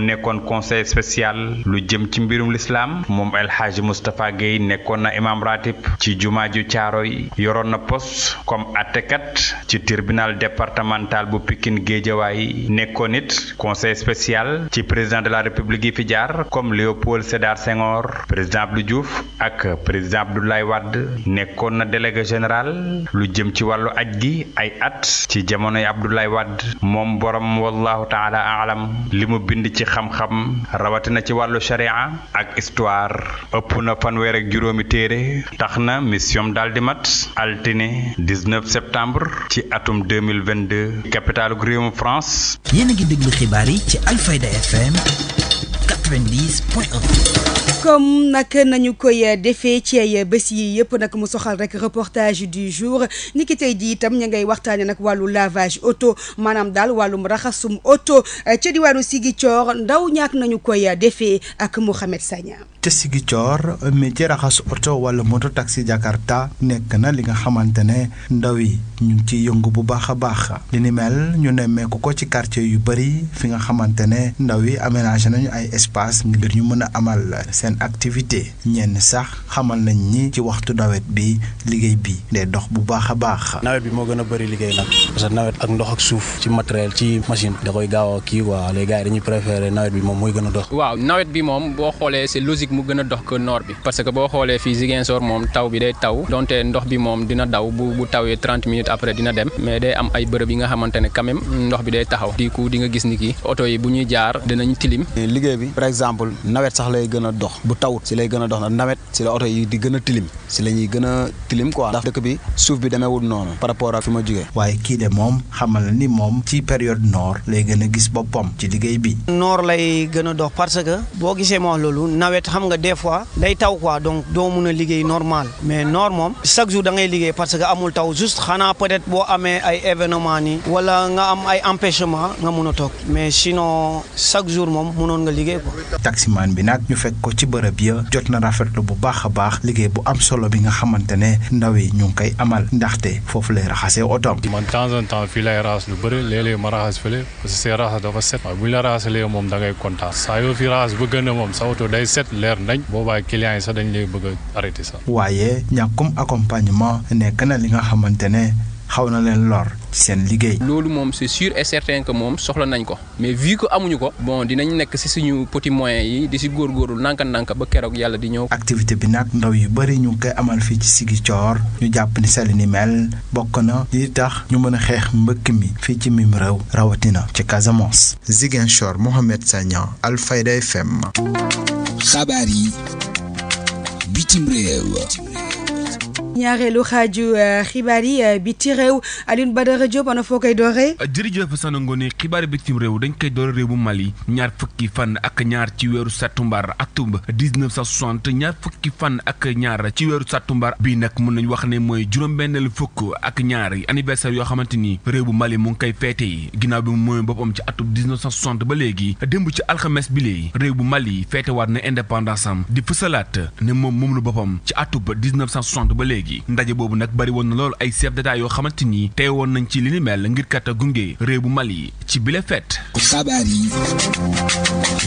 spécial lu jëm ci mbirum lislaam moom El Hadji Moustapha Guèye nekkoon na imam ratib ci jumaa ju caaro yi yoroon na post comme attekat ci tribunal départemental bu Pikine Géejawaay nekkoon it conseil spécial ci président de la république yi fi jaar comme Léopold Sédar Senghor président Abdou Diouf ak président Abdoulaye Wade nekkoon na délégué général lu jëm ci wàllu aj gi ay at ci jamonoy Abdoulaye Wade moom borom wallahu taala alam li mu bind ci xam-xam rawatina ci wàllu sharia ak histoire ëpp na fanweer juróomi téere tax na mission daal di mat altine 19 septembre ci atum 2022 capitalu réewum France. yéen a ngi déglu xibaar yi ci Alfayda FM 90 comme nag nañu koy euh, defee ci ay euh, bés yi yëpp nag mu soxal rek reportage du jour ni ki tey jii itam ña ngay waxtaanee nag wàllu lavage auto maanaam daal wàllum raxasum auto euh, ca diwaanu Ziguinchor ndaw ñaak nañu koy defee ak Mouhamed Sagna. te Ziguinchor ci raxas auto wala moto taxi Jakarta nekk na li nga xamante ne ndaw yi ñu yëngu bu baax a baax li ni mel ñu nemmeeku ko ci quartier yu bëri fi nga xamante ne ndaw yi aménagé nañu ay espace ngir ñu mën seen activité ñenn sax xamal nañ ñi ci waxtu nawet bi liggéey bi day dox bu baax a baax. nawet bi moo gën a bari liggéey nag parce que nawet ak ndox ak suuf ci matériel ci machine da koy gaaw a kii quoi les gars yi dañuy préférer nawet bi moom mooy gën a dox. waaw nawet bi moom boo xoolee si logique mu gën a dox ko noor bi parce que boo xoolee fii Ziguinchor moom taw bi day taw donte ndox bi moom dina daw bu bu tawee trente minutes après dina dem mais day am ay bërëb yi nga xamante ne quand ndox bi day taxaw di ko di nga gis ni ki oto yi bu ñuy jaar dinañ tilim. liggéey bi par exemple nawet sax lay gën a dox bu tawut si lay gën a dox na nawet si la di gën a tilim si la ñuy gën a tilim quoi ndax dëkk bi suuf bi demeewul noonu par rapport ak fi ma jógee waaye kii de moom xamal na ni moom ci période noor lay gën a gis boppam ci liggéey bi noor lay gën a dox parce que boo gisee ma loolu nawet xam nga des fois day taw quoi donc doo mun a liggéey normal mais noor moom chaque jour da ngay liggéey parce que amul taw juste xanaa peut-être boo amee ay événement ni wala nga am ay empêchement nga mun a toog mais sinon chaque jour moom munoon nga liggéey quoi taximaan bi nag ñu fekk ko ci bërëb ya jot na rafetlu bu baax a baax liggéey bu am solo bi nga xamante ne ndaw yi ñu ngi koy amal ndaxte foofu lay raxasee otoom. man temps en temps fii lay raxas lu bëri léeg ma raxas fële parce que raxas dafa set waaye bu ñu la raxasalee moom da ngay kontaan saa yoo fi raxas ba gën a moom sa oto day set leer nañ boobaa client yi sax dañ lay bëgg a sax. waaye ñàkkum accompagnement nekk na li nga xamante xaw na leen lor ci seen liggéey. loolu moom c'est sûr et certain que moom soxla nañ ko mais vu que amuñu ko bon dinañ nekk ci suñu petit moyen yi di ci góorgóorlu nanka-nanka ba keroog yàlla di ñëw. activité bi nag ndaw yu bëri ñu ngi koy amal fii ci siggi Ziguinchor ñu jàpp ni sel ni mel bokk na di tax ñu mën a xeex mbëkk mi fii ci mim réew rawatina ci Casamance. Ziguinchor Mohamed Sagna Alfayda FM. xabaar yi bitim réew. ñaareelu xaaju euh, xibaar yi euh, biti réew Alioune Badara Diop ana foo koy dooree. Euh, jërëjëf Sane Ngone xibaar bitim réew dañ koy doore réew Mali ñaar fukki fan ak ñaar ci weeru sattumbar atum 1960 ñaar fukki fan ak ñaar ci weeru sattumbar bii nag mën nañu wax ne mooy juróom-benneelu fukk ak ñaari anniversaire yoo xamante ni réew bu Mali mu ngi koy feete yi ginnaaw bi mu mooy boppam ci atum ba léegi démb ci alxames bi léegi réew bu Mali feetewaat na indépendance am di fësalaat ne moom moom lu boppam ci atum 1960 ba léegi. diine ji ndaje boobu nag bari woon na loolu ay chef d'état yoo xamante ni teewoon nañ ci li ni mel ngir kat a gunge réew bu Mali ci bile fête. xabaar yi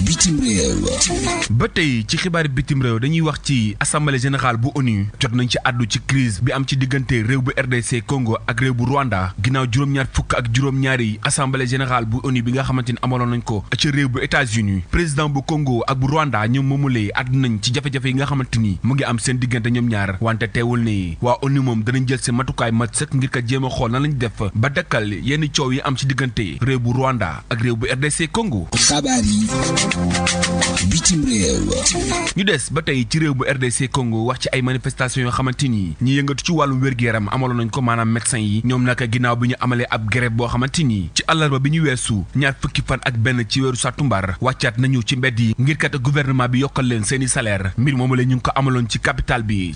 bitim ba tey ci xibaar bitim réew dañuy wax ci assemblée générale bu ONU jot nañ ci àddu ci crise bi am ci diggante réew bu RDC Congo ak réew bu Rwanda ginnaaw juróom-ñaar fukk ak juróom-ñaari assemblée générale bu ONU bi nga xamante ni amaloon nañ ko ci réew bu États-Unis président bu kongo ak bu Rwanda ñoom moomulee àddu nañ ci jafe-jafe yi nga xamante ni mu ngi am seen diggante ñoom ñaar wante teewul ne yi waa ONU moom danañ jël seen matukaay mat sëkk ngir kat jéem a xool na lañ def ba dakkal yenn coow yi am ci diggante réew bu Rwanda ak réew bu RDC Congo. xabaar yi bitim réew. ñu des ba tey ci réew bu RDC Congo wax ci ay manifestations yoo xamante ni ñu yëngatu ci wàllum wér-gu-yaram amaloon nañ ko maanaam médecin yi ñoom naka ginnaaw bi ñu amalee ab grève boo xamante ni ci àllarba bi ñu weesu ñaar fukki fan ak benn ci weeru sàttumbar wàccaat nañu ci mbedd yi ngir kat gouvernement bi yokkal leen seeni salaire mbir moomu ñu ngi ko amaloon ci capitale bi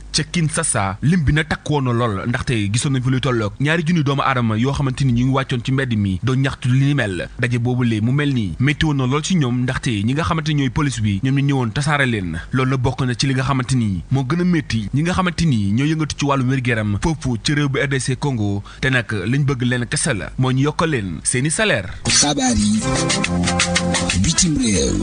lim bi na takk woon na lool ndaxte gisoon nañ fi luy tolloog ñaari junni doomu aadama yoo xamante ni ñu ngi wàccoon ci mbedd mi doon ñaxtu li ni mel daje boobu lee mu mel nii métti woon na lool ci ñoom ndaxte ñi nga xamante ni ñooy police bi ñoom ñu ñëwoon tasaare leen loolu na bokk na ci li nga xamante ni moo gën a métti ñi nga xamante ni ñoo yëngatu ci wàllu wér-gu-yaram foofu ci réew bi RDC Congo te nag liñ bëgg leen kese la moo ñu yokkal leen seeni salaire xabaar yi bitim réew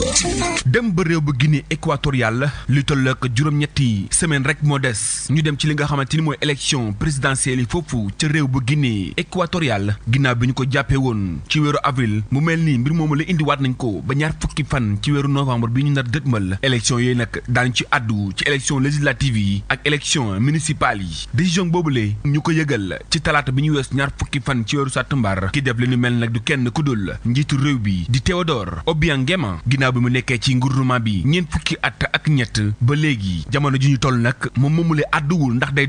dem ba réew ba Guinée équatoriale li tolloog juróom-ñetti semaine rek moo des ñu dem ci li nga xamante ti ni mooy élection présidentielle yi foofu ca réew bu Guinée équatoriale ginnaaw bi ñu ko jàppee woon ci weeru avril mu mel ni mbir moomu la indiwaat nañ ko ba ñaar fukki fan ci weeru novembre bi ñu nar dëtmal élection yooyu nag daañu ci àddu ci élection législative yi ak élection municipale yi boobu boobule ñu ko yëgal ci talaata bi ñu wees ñaar fukki fan ci weeru sàttumbar ki def li ñu mel nag du kenn ku dul njiitu réew bi di Théodore Obiang Nguema ginnaaw bi mu nekkee ci gouvernement bi ñeent fukki at ak ñett ba léegi jamono ji nag moom moomu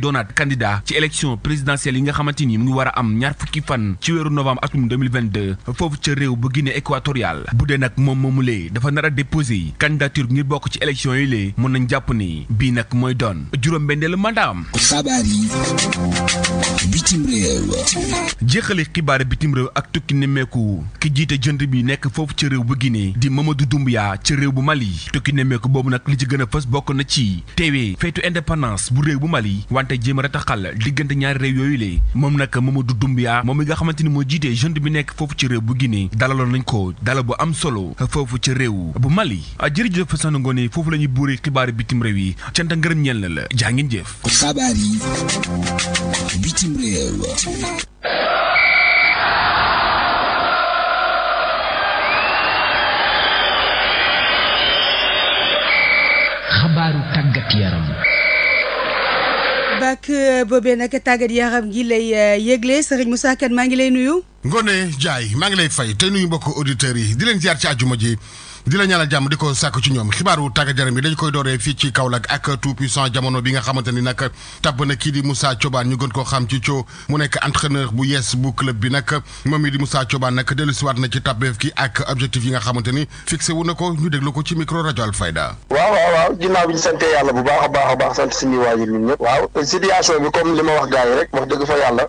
doonaat candidat ci élection présidentielle yi nga xamante ni mu ngi war a am ñaar fukki fan ci weeru novembre atum 2022 foofu ca réew bu Guinée équatoriale bu dee nag moom moomulee dafa nar a déposé candidature ngir bokk ci élection yi lee mën nañ jàpp ni bii nag mooy doon juróom-benneelu mandaam. xabaar yi bitim réew. jeexale xibaar bitim réew ak tukki nemmeeku ki jiite jënd bi nekk foofu ca réew bu Guinée di Mamadou Doumbouya ca réew bu Mali tukki nemmeeku boobu nag li ci gën a bokk na ci jéem a retaxal diggante ñaari réew yooyu lay moom nag Mamadou Doumbia moom mi nga xamante ni mooy jiite jeune bi nekk foofu ci réew bu Guinée dalaloo nañ ko dalal bu am solo foofu ci réew bu Mali ah, jërëjëf ngoon yi foofu lañuy ñuy buuree xibaaru bitim réew yi cant ngërëm ñeel na la jaa ngeen jëf. baak euh, boobee nag tàggat yaram gi lay euh, yëgle Serigne Moussa Kane maa ngi lay nuyu. Ngone Ndiaye maa ngi fay te nuyu mbokk auditeurs yi di leen ziar ci àjjuma ji. di la ñaanal jàmm di ko sàkk ci ñoom xibaaru tàggat yaram yi dañu koy dooree fii ci Kaolack ak tout puissant jamono bi nga xamante ni nag na kii di Moussa Thioban ñu gën koo xam ci Thio mu nekk entraîneur bu yees bu club bi nag moom mi di Moussa Thioban nag dellusiwaat na ci tàbbeef gi ak objectif yi nga xamante ni fixé wu na ko ñu déglu ko ci micro rajo Alfayda. waaw waaw waaw ginnaaw bi ñu sant yàlla bu baax a baax a baax sant suñuy waajur ñun ñëpp. waaw situation wax dëgg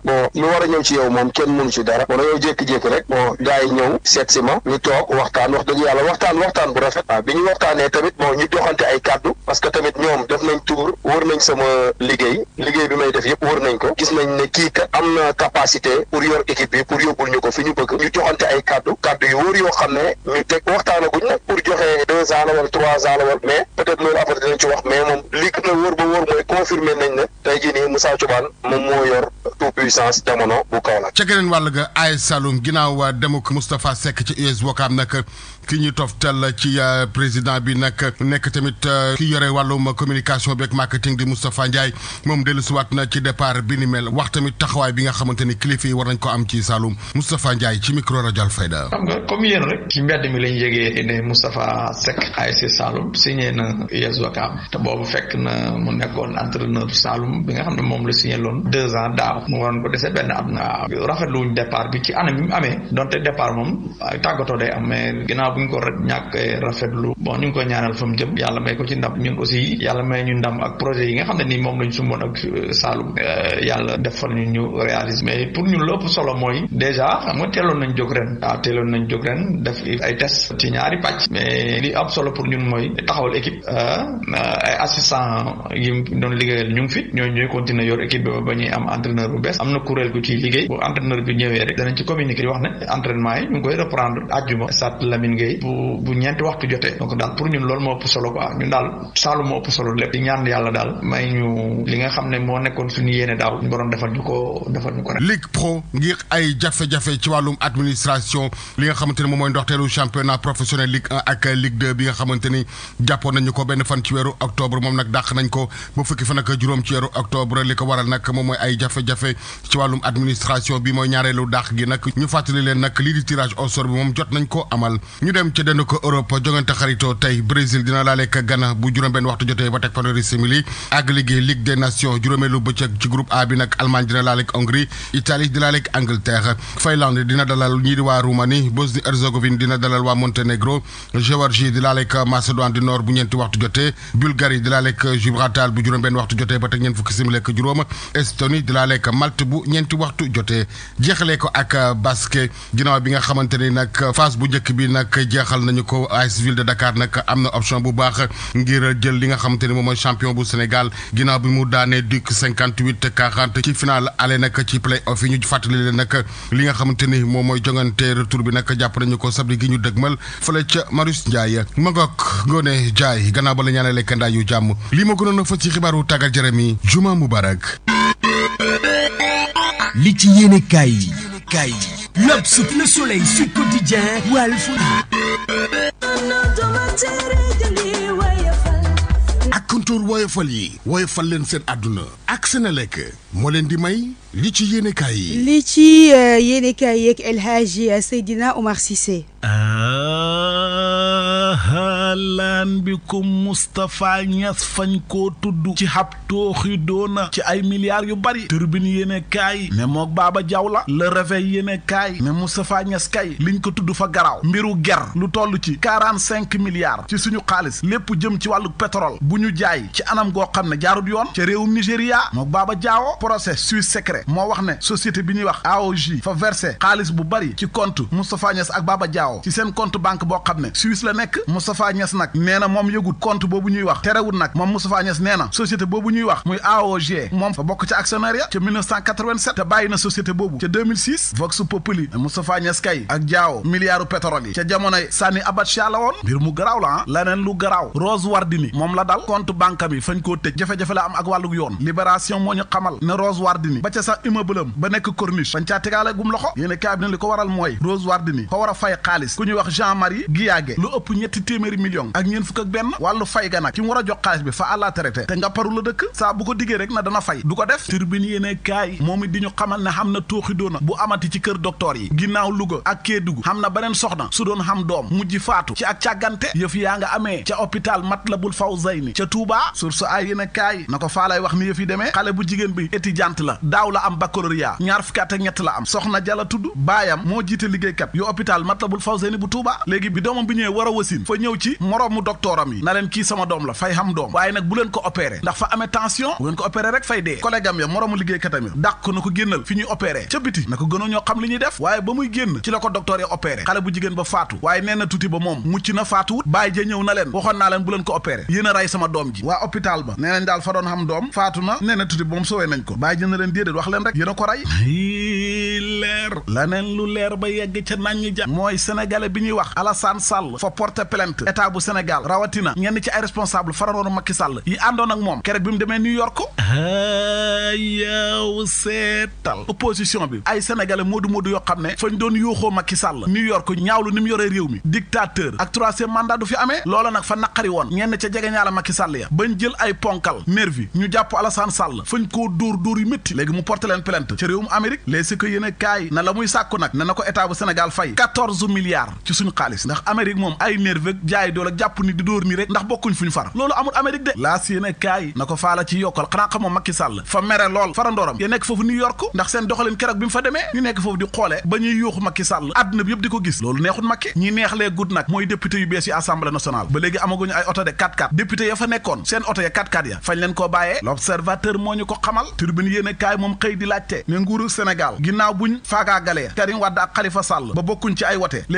a ñëw ci yow moom kenn mënu ci dara bon dañoo jékki-jékki rek bon gars yi ñëw seet si ma ñu toog waxtaan wax dëgg yàlla waxtaan bu rafet waaw bi ñu waxtaanee tamit bon ñu joxante ay kàddu parce que tamit ñoom def nañ tuur wër nañ sama liggéey liggéey bi may def yëpp wër nañ ko gis nañ ne kii kat am na capacité pour yor équipe bi pour yóbbul ñu ko fi ñu bëgg ñu joxante ay kaddu kàddu yu wóor yoo xam ne ñu teg waxtaanaguñ nag pour joxe deux ans la wala trois ans la mais peut-être loolu ci wax mais moom li gën a wóor ba wóor mooy confirmer nañ ne tey jii nii Moussa Thioubane moom moo yor tout puissance jamono bu kaw la ca geneen wàll ga AS Saloum ginnaaw waa demuk Moustapha Seck ci US ki ñu toftal ci euh, président bi nag nekk tamit euh, ki yore wàllum communication beeg marketing di Moustapha Ndiaye moom dellusiwaat na ci départ bi ni mel wax tamit taxawaay bi nga xamante ni kilifa yi war nañ ko am ci Saloum Moustapha Ndiaye ci micro rajo Alfayda. xam nga comme yéen rek ci mbedd mi lañ yëgee ne Moustapha Seck ASC Saloum signé na US Ouakam te boobu fekk na mu nekkoon entraîneur Saloum bi nga xam ne moom la signé loon deux ans daaw mu wa ko dese benn at na rafetlu wuñ départ bi ci anam bi mu amee donte départ moom tàggatoo ginnaaw bu ñu ko ñàkkee rafetlu bon ñu ngi ko ñaanal fa mu jëm yàlla may ko ci ndam ñun aussi yàlla may ñu ndam ak projet yi nga xam ne nii moom lañ sumboon ak euh, Saloum euh, yàlla defal ñu ñu réaliser mais pour ñun lépp solo mooy déjà xam nga teeloon nañ jóg ren waaw ah, teeloon nañ jóg ren def ay test ci ñaari pàcc mais li am solo pour ñun mooy taxawal équipe euh, ay assistant yi mu doon liggéeyal ñu ngi fi ñooñu ñooy continuer yor équipe ba ñuy am entraîneur bu bees am na kuréel gu ci liggéey bu entraîneur bi ñëwee rek danañ ci communiquer wax ne liggéey bu bu ñeenti waxtu jotee donc daal pour ñun loolu moo ëpp solo quoi ñun daal saalu moo ëpp solo li nga xam ne ne moom mooy ndoxteelu championnat professionnel Ligue 1 ak Ligue 2 bi nga ko benn fan ci weeru octobre moom nag dàq nañ ko ba fukki fan ak juróom ci weeru li ko waral moom mooy ay jafe-jafe ci wàllum administration bi mooy ñaareelu dàq gi nag ñu fàttali leen nag lii di tirage au bi moom jot nañ ko amal ñu dem ca dënn ko Europe tey Brésil dina laaleek Ghana bu juróom-benn waxtu jotee ba teg fanweeri simili ak liggéey Ligue des Nations juróomeelu bëccëg ci groupe A bi nag Allemagne dina laaleek Hongrie Italie dina laaleek Angleterre Finlande dina dalal ñii waa Roumanie Bosnie Herzégovine dina dalal waa Monténégro Géorgie di laaleek Macédoine du Nord bu ñeenti waxtu jotee Bulgarie di laaleek Gibraltar bu juróom-benn waxtu jotee ba teg ñeent jeexal nañu ko AS Ville de Dakar nag am na option bu baax ngir jël li nga xamante ni moom mooy champion bu Sénégal ginnaaw bi mu daanee dikk cinquante huit quarante ci final aller nag ci play off yi ñu fàttali li nga xamante ni moom mooy jongante retour bi nag jàpp nañu ko samedi gi ñu dëgmal fële ca Marius Ndiaye ma ngoog Ngoné Ndiaye gannaaw ba la ñaanalee ndaa yu jàmm lii ma gënoon a fa ci xibaaru tàggat jërëm yi Juma Mubarak li ci yéene kaay kaay yi L'Obs, Le Soleil, Sud Quotidien, Walf. ak kontoor woyofal yi woyofal leen seen àdduna ak Senelec moo leen di may li ci yéenekaay yi. li ci euh, yéenekaay yeeg El Hadji euh, Seydina Omar Cissé. lan bi ko Moustapha fañ koo tudd ci xab tooxi doona ci ay milliards yu bari turbine yéene kaay ne mook Baba Jaw la Le Réveil yéene kaay ne Moustapha Niass kay liñ ko tudd fa garaaw mbiru ger lu toll ci quarante cinq milliards ci suñu xaalis lépp jëm ci wàllu pétrole bu ñu jaay ci anam goo xam ne jaarut yoon ci réewum Nigéria mook Baba Jaawo procès suisse secret moo wax ne société bi ñuy wax AOJ fa versé xaalis bu bari ci compte Moustapha Niass ak Baba Jaaw CFAO ci seen compte banque boo xam ne Suisse la nekk Moustapha Niass nag nee moom yëgut compte boobu ñuy wax terewul nag moom Moustapha Niass nee na boobu ñuy wax muy AOG moom fa bokk ca actionnariat ca te bàyyi na société boobu ca 2006 Vox Populi Moustapha kay ak Diaw milliardu pétrole yi ca jamonoy Sani Abacha la woon mbir mu garaaw la ah lu garaaw Rose Wardini moom la dal compte banque bi fañ koo tëj jafe-jafe la am ak wàllu yoon Libération moo a bi ne li ko xaalis ku ñuy wax Jean Marie Guiyaage lu ëpp ñetti téeméeri million ak ñeen fukk ak benn wàllu fay ga nag ki mu war a jox xaalis bi fa àllaa traité te nga paru la dëkk saa bu ko diggee rek na dana fay du ko def turbine yéene kaay moom it di ñu xamal ne xam na tooxi doona bu amati ci kër docteur yi ginnaaw Louga ak Kédougou xam na beneen soxna su doon xam doom mujj faatu ci ak càggante yëf yaa nga amee ca hôpital Matlaboul Fawzayni ca Touba na ko faa lay wax ni yëf demee xale bu jigéen bi étudiante la daaw la am baccalauréat ñaar fukki at ak ñett la am soxna jala baayam moo jiite liggéeykat yu Fawzeyni bu Touba léegi bi doomam bi ñëwee war a wasin fa ñëw ci moroomu doktooram yi na leen kii sama doom la fay xam doom waaye nag bu ko opéré ndax fa amee tension bu leen ko opéré rek fay dee collègue ya moroomu liggéeykatam ya dàq na ko génnal fi ñuy opéré ca biti na ko gënoo ñoo xam li ñuy def waaye ba muy génn ci la ko docteur yi opéré xale bu jigéen ba faatu waaye nee na ba moom mucc na faatuwut bàyyi ja ñëw na leen waxoon leen bu leen ko opéré sénégalais bi ñuy wax Alassane Sall fa porte plainte état bu Sénégal rawatina ñenn ci ay responsable faranoonu Macky Sall yi àndoon ak moom keroog bi mu demee New York yow seetal opposition bi ay sénégalais moodu moodu yoo xam ne fañ doon yuuxoo Macky Sall New York ñaawlu ni mu yoree réew mi dictateur ak troisième mandat du fi ame loola nag fa naqari woon ñenn ca jege ñaala Macky Sall ya bañ jël ay ponkal nervi ñu jàpp Alassane Sall fañ koo dóor dóor yi métti léegi mu porte leen plainte ca réewum Amérique léegi si ko yéen a kaay la muy sàkku nag ne na ko état bu Sénégal fay milliards ci suñu xaalis ndax Amérique moom ay nerveux jaay doole jàpp ni di dóor ni rek ndax bokkuñ fuñ far loolu amul Amérique de laa si kaay na ko faala ci yokkal xanaa xam moom Macky fa mere lool farandooram ya nekk foofu New ndax seen doxalin keroog bi mu fa demee ñu nekk foofu di xoole ba ñuy yuuxu Macky Sall àdduna bi yëpp di ko gis loolu neexul Macky ñi neexlee gudd nag mooy député yu bees yi assemblée nationale ba léegi amaguñu ay oto de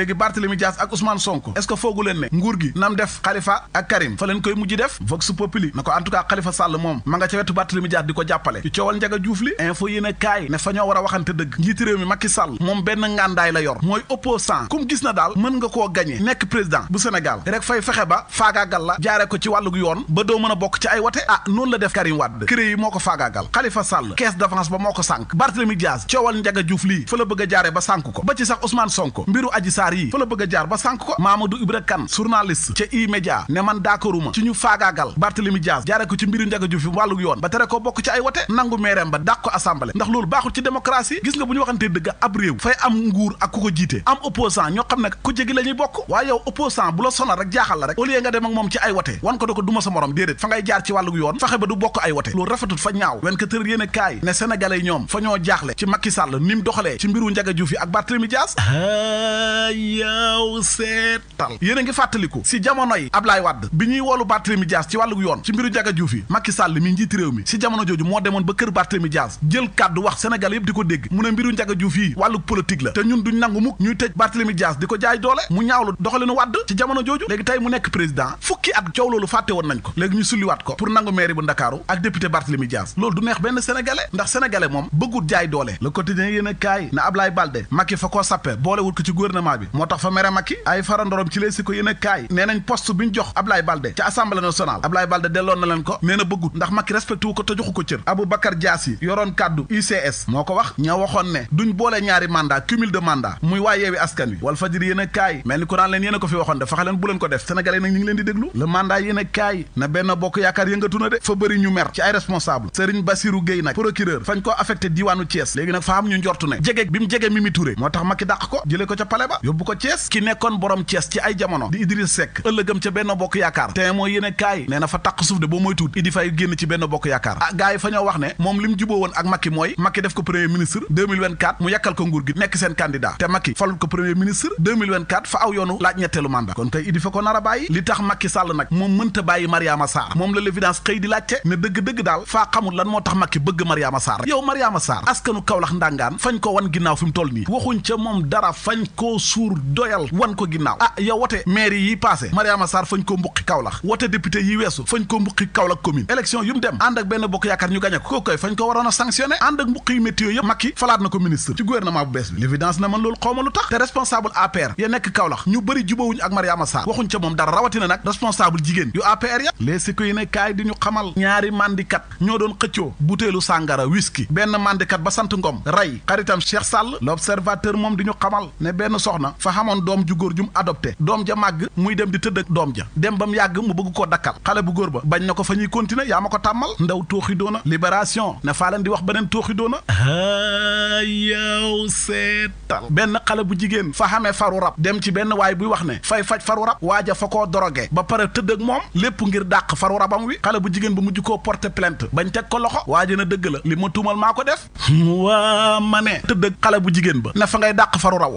léegi Barthélemy Dias ak Ousmane Sonko est-ce que foogu leen ne nguur gi nam def Khalifa ak Karim fa leen koy mujj def vox populi na ko en tout Sall moom ma nga ca wetu Barthélemy Dias di ko jàppale ci coowal njaga juuf li info yéen kaay ne fa ñoo waxante dëgg njiiti mi Macky Sall moom benn ngàndaay la yor mooy opposant kum gis na daal mën nga koo gañe nekk président bu Sénégal rek fay fexe ba faagaagal la jaare ko ci wàllug yoon ba doo a ah ko a jaare ba sànk Dakar yi la bëgg a jaar ba sànk ko Mamadou Ibra Kane journaliste ca E-Media ne man d'accorduma ci ñu faagaagal Barthélemy Dias jaare ko ci mbiru Ndiaga fi wàllug yoon ba tere ko bokk ci ay wote nangu meereem ba dàq ko assemblée ndax loolu baaxul ci démocratie gis nga bu ñu waxantee dëgg ab réew fay am nguur ak ku ko jiite am opposant ñoo xam ne ku jégi la bokk waaye yow opposant bu la sonal rek jaaxal la rek au nga dem moom ci ay wote wan yaaw seetal yéen a ngi fàttaliku si jamono yi Ablaye Wade bi ñuy woolu Barthélemy Dias ci wàllu yoon ci mbiru Ndiaga Diouf yi Macky Sall mi njiiti réew mi si jamono jooju moo demoon ba kër Barthélemy Dias jël kàddu wax Sénégal yëpp di ko dégg mu ne mbiru Ndiaga Diouf yi wàllu politique la te ñun duñ nangu mukk ñuy tëj Barthélemy Dias di ko jaay doole mu ñaawlu doxalinu Wade ci jamono jooju léegi tey mu nekk président fukki at coow loolu fàtte woon nañ ko léegi ñu sulliwaat ko pour nangu maire bu Ndakaaru ak député Barthélemy Dias loolu du neex benn sénégalais ndax sénégalais moom a kaay na bi moo tax fa mere Macky ay farandorom ci leesi ko yéen a kaay nee nañ poste bi ñu jox Ablaye Balde ci assemblée nationale Ablaye Balde delloon na leen ko nee na bëggut ndax Macky respecté ko te joxu ko cër Aboubacar Dias yoroon kàddu UCS moo ko wax ña waxoon ne duñ boole ñaari mandat cumul de mandat muy waa Yewwi Askan Wi Walf Fadjri yéen mel ni ko naan leen yéen a ko fi ko le mandat yéen a kaay na benn bokk yaakaar yëngatu na de fa bëri ñu mer ci ay responsable Serigne Bassirou yóbbu ko Thiès ki nekkoon borom Thiès ci ay jamono di Idriss Seck ëllëgam ca benn bokk yaakaar te mooy yéen kaay nee na fa taq suuf de boo moy Idi Faye génn ci benn bokk yaakaar ah gars yi wax ne moom li juboo woon ak Macky mooy Macky def ko premier ministre 2024 mu yàkkal ko nguur gi nekk seen candidat te Macky falul ko premier ministre 2024 fa aw yoonu laaj ñetteelu mandat kon tey Idi fa ko nar a bàyyi li tax Macky Sall nag moom mënta bàyyi moo tax Macky bëgg Mariama Sarr rek yow Mariama Sarr askanu Kaolack Diouf doyal wan ko ginnaaw ah yow wote maire yi passé Mariama Sarr fañ ko mbuqi Kaolack wote député yi weesu fañ ko mbuqi Kaolack commune élection yu dem ànd ak benn bokk yaakaar ñu gañ ko koy fañ ko waroon a sanctionné ànd ak mbuq yu météo yëpp Macky falaat na ko ministre ci gouvernement bu bees bi l'évidence na man loolu xawma lu tax te responsable APR ya nekk Kaolack ñu bëri jubawuñu ak Mariama Sarr waxuñ ca moom dara rawatina nag responsable jigéen ans fa xamoon doom ju góor ju mu adopté doom ja màgg muy dem di tëdd ak doom ja dem ba mu yàgg mu bëgg koo dakkal xale bu góor ba bañ na ko fa ñuy continuer yaa ma ko tàmmal ndaw tooxi doona libération ne faa leen di wax beneen tooxi doona yow seetal benn xale bu jigéen fa xamee faru rab dem ci benn waay buy wax ne fay faj faru rab waaja fa koo doroge ba pare tëdd ak moom lépp ngir dàq faru rabam wi xale bu jigéen ba mujj koo porter plainte bañ teg ko loxo waaja na dëgg la li ma maa ko def waa ma ne tëdd ak xale bu jigéen ba ne fa ngay dàq faru rab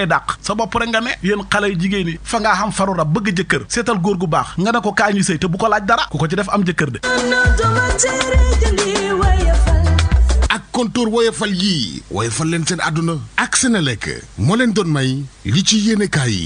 ngay dàq sa bopp rek nga ne yéen xale yu jigéen yi fa ngaa xam faru rab bëgg jëkkër seetal góor gu baax nga ne ko kaañu ñu sëy te bu ko laaj dara ku ko ci def am jëkkër de ak kontoor woyofal yii woyofal leen seen àdduna ak lekk moo leen doon may li ci yéene kaay yi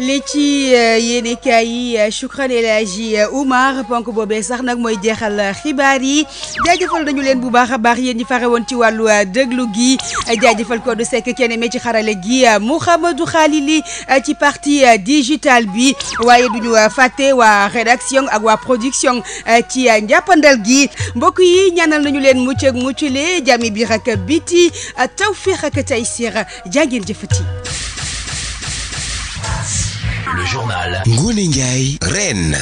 li ci yéene kaay yi Choukran euh, El Hadji euh, Oumar ponk boobe sax nag mooy jeexal euh, xibaar yi jaajëfal nañu leen bu baax a baax yéen ñi fare woon ci wàllu déglu gi jaajëfal ko du sekk kenn me ci xarale gi Mouhamadou Khalili ci partie digitale bi waaye duñu fàtte waa rédaction ak wa production ci njàppandal gi mbokk yi ñanal nañu leen mucc ak muccule jàmmi biir ak biti tawfiix ak taysiir jaa ngeen jëfati Le journal Ngoné Ndiaye Reine